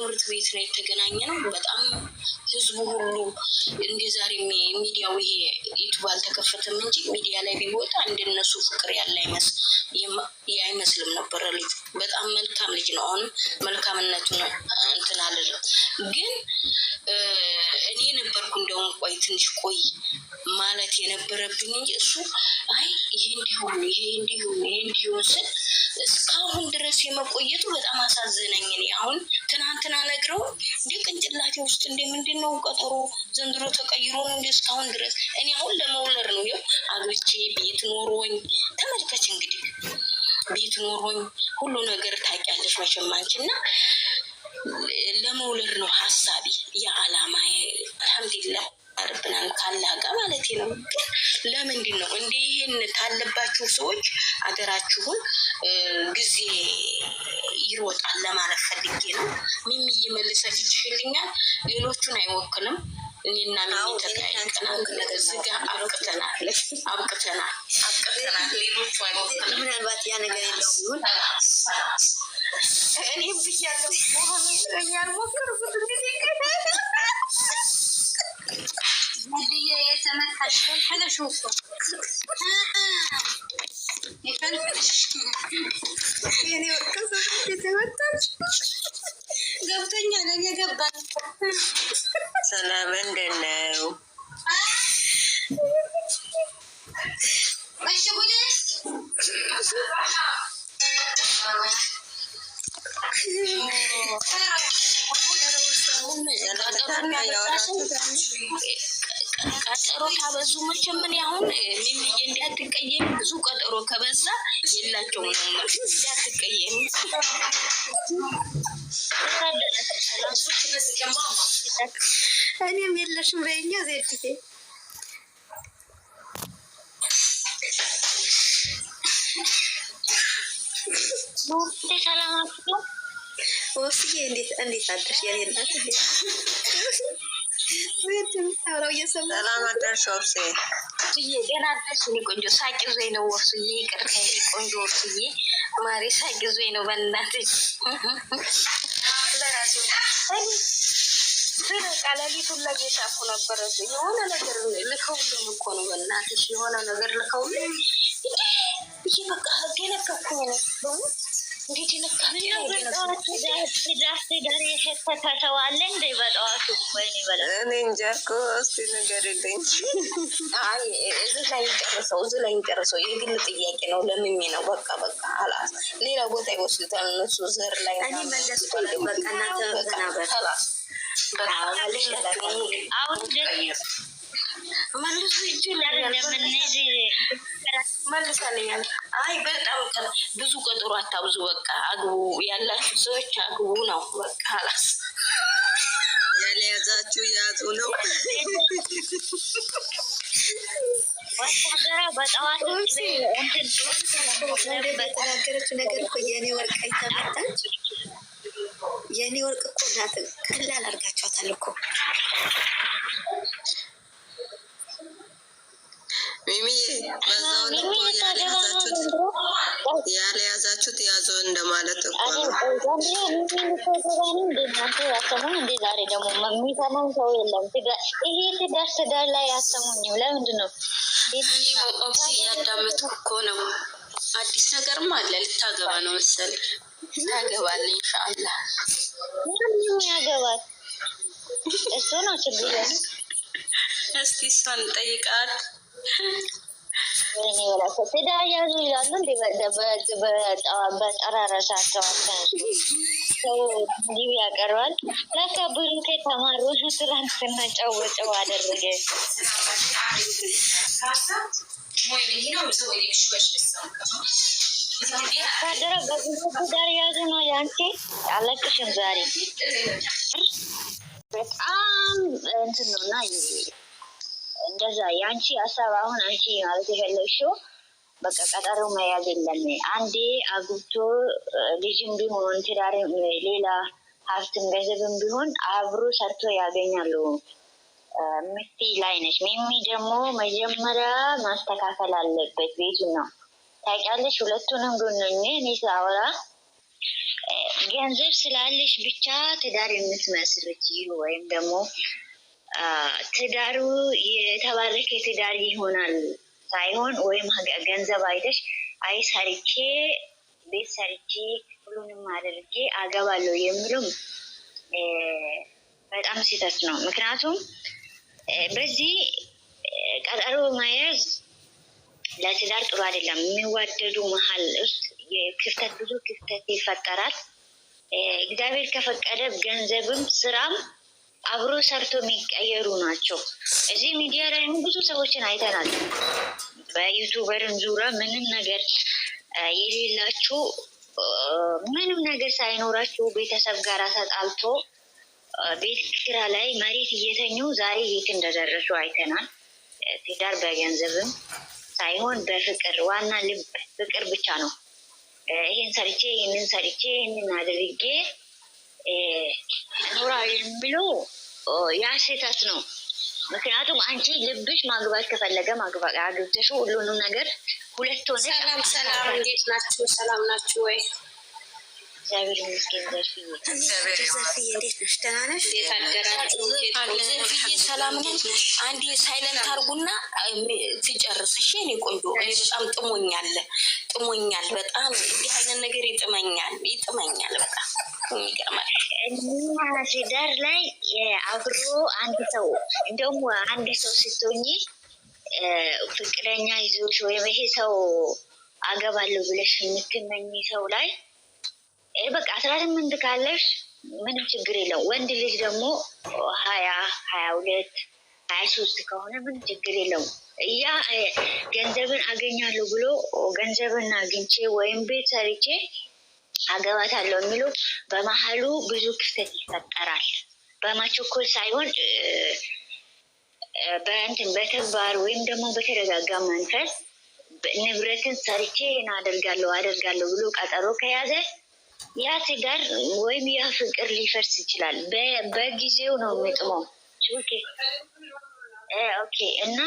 ትምህርት ቤት ነው የተገናኘ ነው። በጣም ህዝቡ ሁሉ እንደ ዛሬ ሚዲያው ይሄ ዩቱብ አልተከፈተም እንጂ ሚዲያ ላይ ቢወጣ እንደነሱ ፍቅር ያለ አይመስልም ነበረ። ልጁ በጣም መልካም ልጅ ነው። አሁንም መልካምነቱ እንትን አልልም፣ ግን እኔ ነበርኩ እንደውም ቆይ ትንሽ ቆይ ማለት የነበረብኝ እንጂ እሱ አይ ይሄ እንዲሁን ይሄ እንዲሁን ይሄ እንዲሆን ስል እስካሁን ድረስ የመቆየቱ በጣም አሳዘነኝ። እኔ አሁን ነግረው እንደ ቅንጭላቴ ውስጥ እንደ ምንድን ነው ቀጠሮ ዘንድሮ ተቀይሮ ነው እንደ እስካሁን ድረስ እኔ አሁን ለመውለድ ነው ይኸው አግብቼ ቤት ኖሮኝ ተመልከች እንግዲህ ቤት ኖሮኝ ሁሉ ነገር ታውቂያለሽ መቼም አንቺ እና ለመውለድ ነው ሀሳቤ የዓላማ አልሐምዱሊላ ያርብናል ካላጋ ማለት ነው። ግን ለምንድን ነው እንደ ይሄን ካለባችሁ ሰዎች አገራችሁን ጊዜ ይሮጣል ለማለት ፈልጌ ነው። ይሉኛል። ሌሎቹን አይወክልም። እኔና እዚህ አብቅተናል አብቅተናል አብቅተናል። ሌሎቹ አይወክልም። ምናልባት ያ ነገር የለው ይሁን ብያለሁ ያልሞከርኩት ጊዜ ነብዬ የተመታሽ የተመታሽ ገብቶኛል። እኔ ገባኝ። ሰላም እንደት ቀጠሮ ታበዙ መቼም ምን ያሁን ሚሚዬ እንዲያትቀየም ብዙ ቀጠሮ ከበዛ የላቸው ነው። እንዲያትቀየም እኔም የለሽም በይኛ ዜድዬ ወፍዬ እንዴት እንዴት አደርሽ? የኔ እናት ዜድ የምታወራው ሰላም አደርሽ ወፍዬ ገና አደርሽ እኔ ቆንጆ ሳቂ ዞይ ነው ወፍዬ፣ ይቅርታ ቆንጆ ወፍዬ ማሬ ሳቂ ዞይ ነው በእናትሽ ለራሴ ቃለሊቱን ላይ የሳኩ ነበረ። የሆነ ነገር ልከውልኝ እኮ ነው በእናትሽ፣ የሆነ ነገር ልከውልኝ ይሄ በቃ ገለከኩ ነው በሙት እኔ እንጃ እኮ እስኪ ንገሪልኝ። አይ እዚህ ላይ እንጨርሰው፣ እዚህ ላይ እንጨርሰው። የግል ጥያቄ ነው፣ ለምኝ ነው። በቃ በቃ አላስ ሌላ ቦታ ይወስዱታል እነሱ ዘር ላይ በቃ መልሳለኛል። አይ በጣም ብዙ ቀጠሮ አታብዙ። በቃ አግቡ ያላችሁ ሰዎች አግቡ ነው በቃ ላስ ያለያዛችሁ ያዙ ነው። ወታደራ በጠዋት የተናገረችው ነገር እኮ የእኔ ወርቅ አይተመጣች የእኔ ወርቅ እኮ ናት። ቀላል አድርጋችኋታል እኮ ያላችሁት ትያዙ እንደማለት እኮ ነው። እንዴ ነው እኮ ነው። አዲስ ነገርም አለ። ልታገባ ነው መሰል ታገባለ። ኢንሻአላ ያገባል። እሱ ነው ችግር። እስቲ እሷን ጠይቃት። ምን ይበላቸው ይላሉ። እንዲ በጠራረሳቸው ሰው ጊቢ ያቀርባል። ለካ ብሩኬ ተማሩ ትላንትና ጨውጨው አደረገ። ካደረ በብዙ ዳር ያዙ ነው ያንቺ አለቅሽም ዛሬ በጣም እንትን ነውና እንደዛ የአንቺ ሀሳብ አሁን አንቺ ማለት የፈለግሽው በቃ ቀጠሮ መያዝ የለም። አንዴ አግብቶ ልጅም ቢሆን ትዳር፣ ሌላ ሀብትም ገንዘብም ቢሆን አብሮ ሰርቶ ያገኛሉ። ምስቲ ላይ ነች። ሚሚ ደግሞ መጀመሪያ ማስተካከል አለበት ቤቱ ነው ታውቂያለሽ። ሁለቱንም ጎነኝ እኔ ሳወራ ገንዘብ ስላለሽ ብቻ ትዳር የምትመስርች ወይም ደግሞ ትዳሩ የተባረከ ትዳር ይሆናል ሳይሆን ወይም ገንዘብ አይተሽ አይ ሰርቼ ቤት ሰርቼ ሁሉንም አድርጌ አገባለሁ የሚሉም በጣም ስህተት ነው። ምክንያቱም በዚህ ቀጠሮ መያዝ ለትዳር ጥሩ አይደለም። የሚዋደዱ መሀል ውስጥ ክፍተት ብዙ ክፍተት ይፈጠራል። እግዚአብሔር ከፈቀደ ገንዘብም ስራም አብሮ ሰርቶ የሚቀየሩ ናቸው። እዚህ ሚዲያ ላይ ብዙ ሰዎችን አይተናል። በዩቱበርን ዙሪያ ምንም ነገር የሌላችሁ ምንም ነገር ሳይኖራችሁ ቤተሰብ ጋር ተጣልቶ ቤት ኪራይ ላይ መሬት እየተኙ ዛሬ የት እንደደረሱ አይተናል። ትዳር በገንዘብም ሳይሆን በፍቅር ዋና ልብ ፍቅር ብቻ ነው። ይህን ሰርቼ ይህንን ሰርቼ ይህንን አድርጌ ኑራ የሚለው ያ ስህተት ነው። ምክንያቱም አንቺ ልብሽ ማግባት ከፈለገ ማግባት አግብተሽ ሁሉንም ነገር ሁለት ሆነ። ሰላም ሰላም፣ እንዴት ናችሁ? ሰላም ናችሁ ወይ? እግዚአብሔር ይመስገን። ዘርፍዬ እንዴት ነሽ? ሰላም ነሽ? አንድ ሳይለንት አርጉና ትጨርስ። እሺ እኔ ቆንጆ፣ እኔ በጣም ጥሞኛል፣ ጥሞኛል፣ በጣም እንዲህ አይነት ነገር ይጥመኛል፣ ይጥመኛል በጣም ይገርማል። ትዳር ላይ አብሮ አንድ ሰው እንደውም አንድ ሰው ስትሆኚ ፍቅረኛ ይዞሽ ወይም ይሄ ሰው አገባለሁ ብለሽ የምትመኝ ሰው ላይ በቃ አስራ ስምንት ካለሽ ምንም ችግር የለውም። ወንድ ልጅ ደግሞ ሀያ ሀያ ሁለት ሀያ ሶስት ከሆነ ምንም ችግር የለውም። እያ ገንዘብን አገኛለሁ ብሎ ገንዘብን አግኝቼ ወይም ቤት ሰርቼ አገባታለሁ የሚሉ በመሀሉ ብዙ ክፍተት ይፈጠራል። በማቸኮል ሳይሆን በእንትን በተግባር ወይም ደግሞ በተረጋጋ መንፈስ ንብረትን ሰርቼ አደርጋለሁ አደርጋለሁ ብሎ ቀጠሮ ከያዘ ያ ትዳር ወይም ያ ፍቅር ሊፈርስ ይችላል። በጊዜው ነው የሚጥመው። ኦኬ እና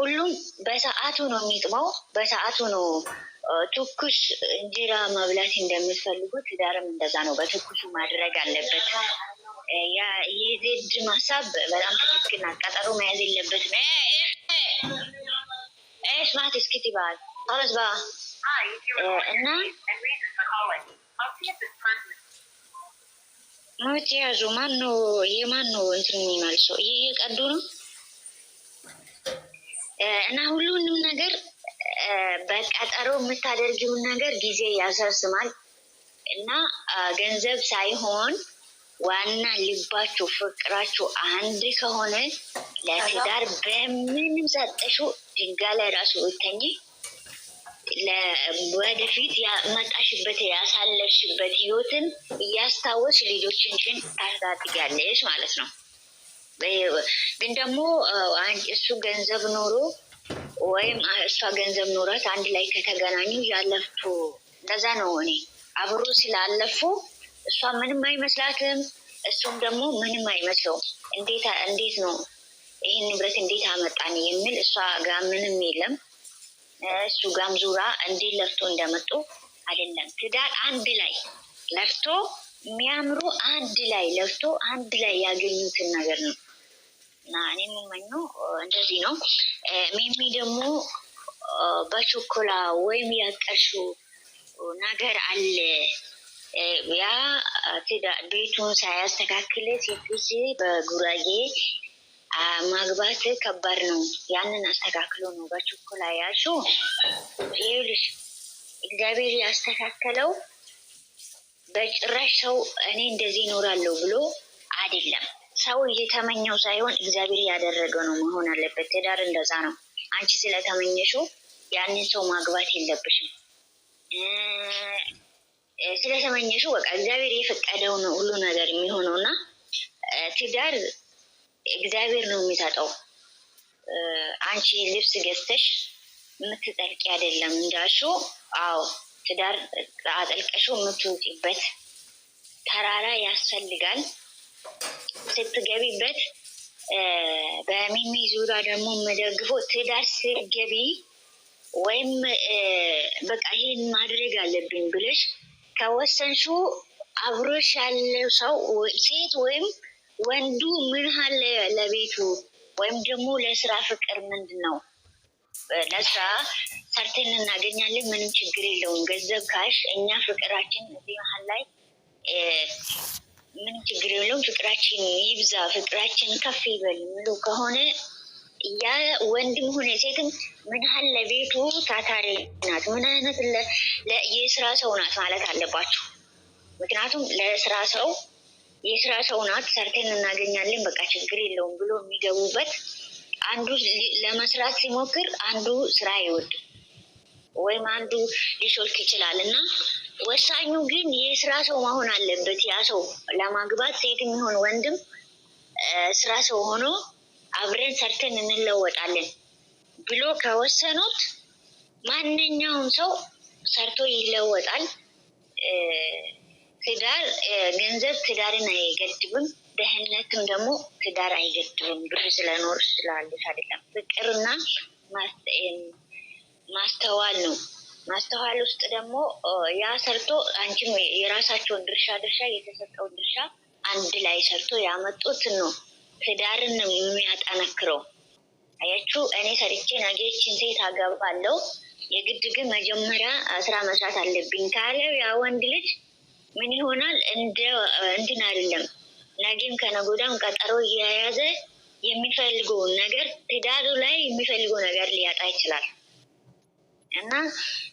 ሁሉም በሰዓቱ ነው የሚጥመው፣ በሰዓቱ ነው ትኩስ እንጀራ መብላት እንደምትፈልጉ ትዳርም እንደዛ ነው። በትኩሱ ማድረግ አለበት። የዜድ ማሳብ በጣም ትክክል ናት። ቀጠሮ መያዝ የለበትም። ስማት እስኪት ይባል አበስ ባ እና ሞት የያዙ ማን ነው? የማን ነው እንትን የሚመልሰው ይህ የቀዱ ነው እና ሁሉንም ነገር በቀጠሮ የምታደርጊውን ነገር ጊዜ ያሳስማል እና ገንዘብ ሳይሆን ዋና ልባችሁ ፍቅራችሁ አንድ ከሆነ ለትዳር በምንም ሰጠሹ ድንጋይ ላይ ራሱ ብተኝ ወደፊት መጣሽበት ያሳለፍሽበት ህይወትን እያስታወስ ልጆችን ጭን ማለት ነው። ግን ደግሞ እሱ ገንዘብ ኖሮ ወይም እሷ ገንዘብ ኖረት አንድ ላይ ከተገናኙ ያለፍቱ። እንደዛ ነው እኔ አብሮ ስላለፉ እሷ ምንም አይመስላትም፣ እሱም ደግሞ ምንም አይመስለውም። እንዴት እንዴት ነው ይህን ንብረት እንዴት አመጣን የሚል እሷ ጋር ምንም የለም፣ እሱ ጋም ዙራ እንዴት ለፍቶ እንደመጡ አይደለም። ትዳር አንድ ላይ ለፍቶ የሚያምሩ አንድ ላይ ለፍቶ አንድ ላይ ያገኙትን ነገር ነው እና እኔ የምመኘው እንደዚህ ነው። ሚሚ ደግሞ በቾኮላ ወይም ያቀርሽው ነገር አለ ያ ቤቱን ሳያስተካክል ሴት ልጅ በጉራጌ ማግባት ከባድ ነው። ያንን አስተካክሎ ነው በችኮላ ያሹ። ይኸውልሽ እግዚአብሔር ያስተካከለው በጭራሽ ሰው እኔ እንደዚህ ይኖራለሁ ብሎ አይደለም። ሰው የተመኘው ሳይሆን እግዚአብሔር ያደረገው ነው መሆን አለበት። ትዳር እንደዛ ነው። አንቺ ስለተመኘሽው ያንን ሰው ማግባት የለብሽም። ስለተመኘሹ በቃ እግዚአብሔር የፈቀደው ነው ሁሉ ነገር የሚሆነው እና ትዳር እግዚአብሔር ነው የሚሰጠው። አንቺ ልብስ ገዝተሽ የምትጠልቂ አይደለም እንዳሹ አዎ ትዳር አጠልቀሹ የምትውጪበት ተራራ ያስፈልጋል። ስትገቢበት በሚሚ ዙሪያ ደግሞ የምደግፈው ትዳር ስትገቢ ወይም በቃ ይሄን ማድረግ አለብኝ ብለሽ ከወሰንሹ አብሮሽ ያለው ሰው ሴት ወይም ወንዱ ምን አለ ለቤቱ ወይም ደግሞ ለስራ ፍቅር ምንድን ነው? ለስራ ሰርተን እናገኛለን፣ ምንም ችግር የለውም። ገንዘብ ካሽ እኛ ፍቅራችን እዚህ መሀል ላይ ምን ችግር የለውም። ፍቅራችን ይብዛ፣ ፍቅራችን ከፍ ይበል የሚሉ ከሆነ ያ ወንድም ሆነ ሴትም ምን ያህል ለቤቱ ታታሪ ናት፣ ምን አይነት የስራ ሰው ናት ማለት አለባችሁ። ምክንያቱም ለስራ ሰው የስራ ሰው ናት፣ ሰርተን እናገኛለን፣ በቃ ችግር የለውም ብሎ የሚገቡበት አንዱ ለመስራት ሲሞክር አንዱ ስራ አይወድም ወይም አንዱ ሊሾልክ ይችላል እና ወሳኙ ግን የስራ ሰው መሆን አለበት። ያ ሰው ለማግባት ሴት የሚሆን ወንድም ስራ ሰው ሆኖ አብረን ሰርተን እንለወጣለን ብሎ ከወሰኑት ማንኛውም ሰው ሰርቶ ይለወጣል። ትዳር ገንዘብ ትዳርን አይገድብም። ደህንነትም ደግሞ ትዳር አይገድብም። ብር ስለኖር ስላለት አይደለም። ፍቅርና ማስተዋል ነው። ማስተዋል ውስጥ ደግሞ ያ ሰርቶ አንቺም የራሳቸውን ድርሻ ድርሻ የተሰጠውን ድርሻ አንድ ላይ ሰርቶ ያመጡት ነው ትዳርን የሚያጠነክረው። አያችሁ፣ እኔ ሰርቼ ነገችን ሴት አገባለሁ የግድ ግን መጀመሪያ ስራ መስራት አለብኝ ካለ ያ ወንድ ልጅ ምን ይሆናል? እንድን አይደለም ነገም ከነጎዳም ቀጠሮ እየያዘ የሚፈልገውን ነገር ትዳሩ ላይ የሚፈልገው ነገር ሊያጣ ይችላል። እና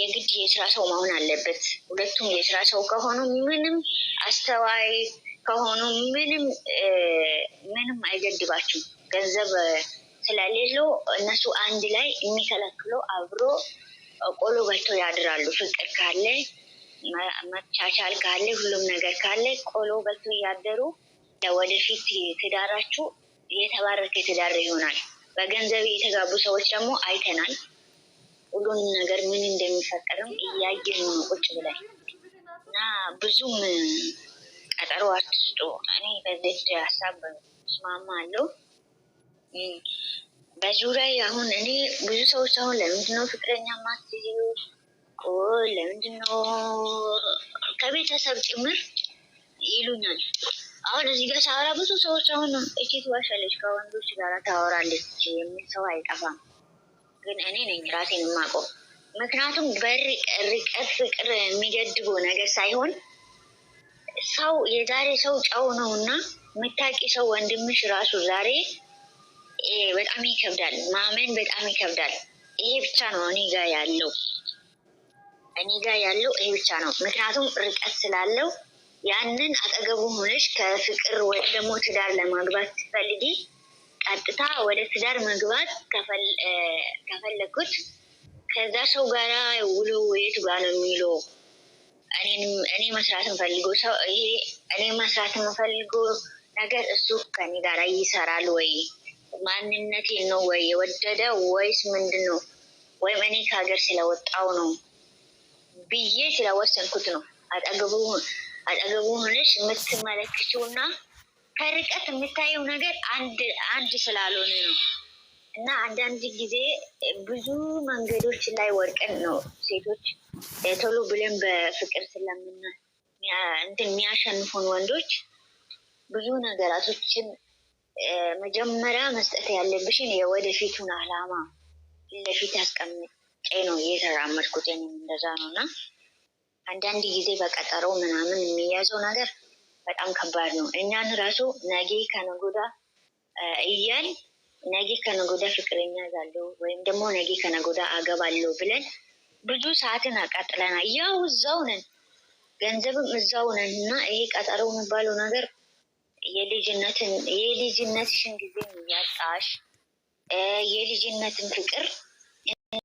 የግድ የስራ ሰው መሆን አለበት። ሁለቱም የስራ ሰው ከሆኑ ምንም አስተዋይ ከሆኑ ምንም ምንም አይገድባችሁም። ገንዘብ ስለሌለው እነሱ አንድ ላይ የሚከለክለው አብሮ ቆሎ በልተው ያድራሉ። ፍቅር ካለ መቻቻል ካለ ሁሉም ነገር ካለ ቆሎ በልተው እያደሩ ለወደፊት ትዳራችሁ የተባረከ ትዳር ይሆናል። በገንዘብ የተጋቡ ሰዎች ደግሞ አይተናል። ሁሉን ነገር ምን እንደሚፈጠርም እያየን ነው ቁጭ ብለን እና ብዙም ቀጠሮ አትስጡ። እኔ በዚህ ሀሳብ ስማማ አለው። በዙሪያ አሁን እኔ ብዙ ሰዎች አሁን ለምንድነው ፍቅረኛ ማትዩ ለምንድነው ከቤተሰብ ጭምር ይሉኛል። አሁን እዚህ ጋር ሳወራ ብዙ ሰዎች አሁን እቺ ትዋሻለች ከወንዶች ጋር ታወራለች የሚል ሰው አይጠፋም። ግን እኔ ነኝ ራሴን የማውቀው። ምክንያቱም በርቀት ፍቅር የሚገድቡ ነገር ሳይሆን ሰው የዛሬ ሰው ጨው ነው እና የምታውቂ ሰው ወንድምሽ ራሱ ዛሬ በጣም ይከብዳል፣ ማመን በጣም ይከብዳል። ይሄ ብቻ ነው እኔ ጋ ያለው እኔ ጋ ያለው ይሄ ብቻ ነው። ምክንያቱም ርቀት ስላለው ያንን አጠገቡ ሆነሽ ከፍቅር ወይም ደግሞ ትዳር ለማግባት ስትፈልጊ ቀጥታ ወደ ትዳር መግባት ከፈለኩት ከዛ ሰው ጋር ውሎ የቱ ጋር ነው የሚለው እኔ መስራት ፈልጎ ሰው ይሄ እኔ መስራት ፈልጎ ነገር እሱ ከኔ ጋር ይሰራል ወይ ማንነቴ ነው ወይ የወደደ ወይስ ምንድን ነው ወይም እኔ ከሀገር ስለወጣው ነው ብዬ ስለወሰንኩት ነው። አጠገቡ ሆነሽ የምትመለክችውና ከርቀት የምታየው ነገር አንድ አንድ ስላልሆነ ነው። እና አንዳንድ ጊዜ ብዙ መንገዶች ላይ ወርቅን ነው ሴቶች ቶሎ ብለን በፍቅር ስለምን እንትን የሚያሸንፉን ወንዶች ብዙ ነገራቶችን መጀመሪያ መስጠት ያለብሽን የወደፊቱን አላማ ለፊት አስቀምጬ ነው እየተራመድኩት። እንደዛ ነው እና አንዳንድ ጊዜ በቀጠሮ ምናምን የሚያዘው ነገር በጣም ከባድ ነው። እኛን ራሱ ነገ ከነጎዳ እያል ነገ ከነጎዳ ፍቅረኛ ዛለው ወይም ደግሞ ነገ ከነጎዳ አገባለሁ ብለን ብዙ ሰዓትን አቃጥለናል። ያው እዛው ነን፣ ገንዘብም እዛው ነን እና ይሄ ቀጠሮ የሚባለው ነገር የልጅነትን የልጅነትሽን ጊዜ ያጣሽ የልጅነትን ፍቅር